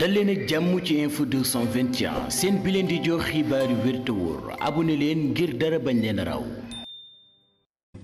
dal leen ak jàmm ci info 221 seen bi leen di jox xibaar yu wér te wóor abonné leen ngir dara bañ leen raw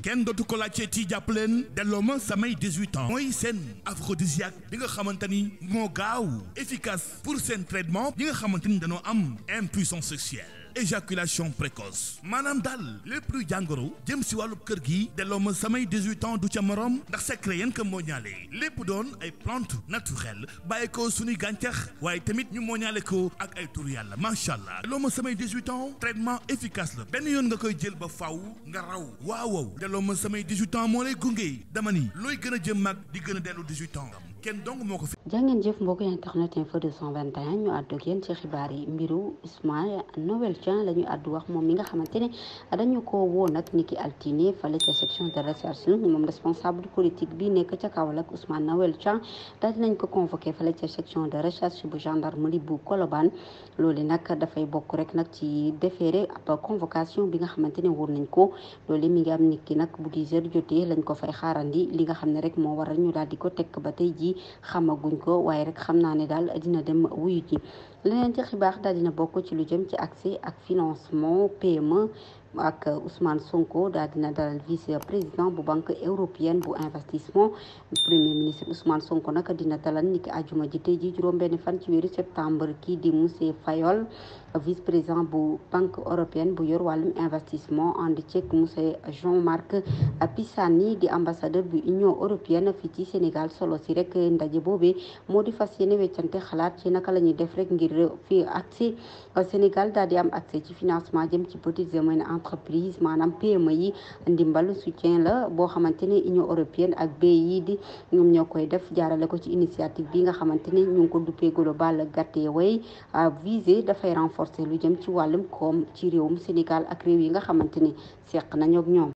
kenn dootu ko laajte ci jàpp leen delloo ma samay 18 ans mooy seen aphrodisiaque bi nga xamante ni moo gaaw efficace pour seen traitement ñi nga xamante ni dañoo am impuissance sexuelle éjaculation précoce maanaam daal lépp luy jàngoro jëm si wàllu kër gi delloo ma samay 18 ans du ca morom ndax secret yéen ko mooñaale lépp doon ay plante naturelle bàyyi ko suñuy gàncax waaye tamit ñu mooñaale ko ak ay tur yàlla macha allah delloo ma samay 18 ans traitement efficace la benn yoon nga koy jël ba faw nga raw waaw delloo ma samay 18 ans moo lay gunge dama ni looy gën a jëm mag di gën a dellu ans kenn dong moo ko fi jàngeen jëf mbokk internet info 221 ñu àddu ak ci xibaar yi mbiru Ousmane Noël Dieng la ñu àddu wax moom mi nga xamante ne dañu ko woo nag niki altine fale ca section de recherche moom responsable politique bi nekk ca Kaolack Ousmane Noël Dieng daal dinañ ko convoqué fale ca section de recherche bu gendarmerie bu Colobane loolu nag dafay bokk rek nag ci déféré ab convocation bi nga xamante ne wóor nañ ko loolu mi ngi am niki nag bu 10 heures jotee lañ ko fay xaarandi li nga xam ne rek moo waral ñu daal di ko tekk ba tey ji xamaguñ guñ ko waaye rek xam naa ne daal dina dem wuyu ji leneen ci xibaar daal dina bokk ci lu jëm ci accès ak financement PME ak Ousmane Sonko daal na dalal vice président bu banque européenne bu investissement premier ministre Ousmane Sonko nag dina dalal niki juma ji te ji juróom-benn fan ci weeru septembre kii di monsieur Fayol vice président bu banque européenne bu yor wàllum investissement ànd ceeg monsieur Jean-Marc Pisani di ambassadeur bu union européenne fii ci Sénégal solo si rek ndaje boobee moo di fas yéene weccante xalaat ci naka la ñuy def rek ngir fi accès Sénégal daal di am accès ci financement jëm ci petites entreprise maanaam PME yi ndimbal soutien la boo xamante ne union européenne ak yii di ñoom ñoo koy def jaarale ko ci initiative bi nga xamante ne ñu ngi ko duppee Global Gateway visé dafay renforcer lu jëm ci wàllum koom ci réewum Sénégal ak réew yi nga xamante ni seq nañu ñoom.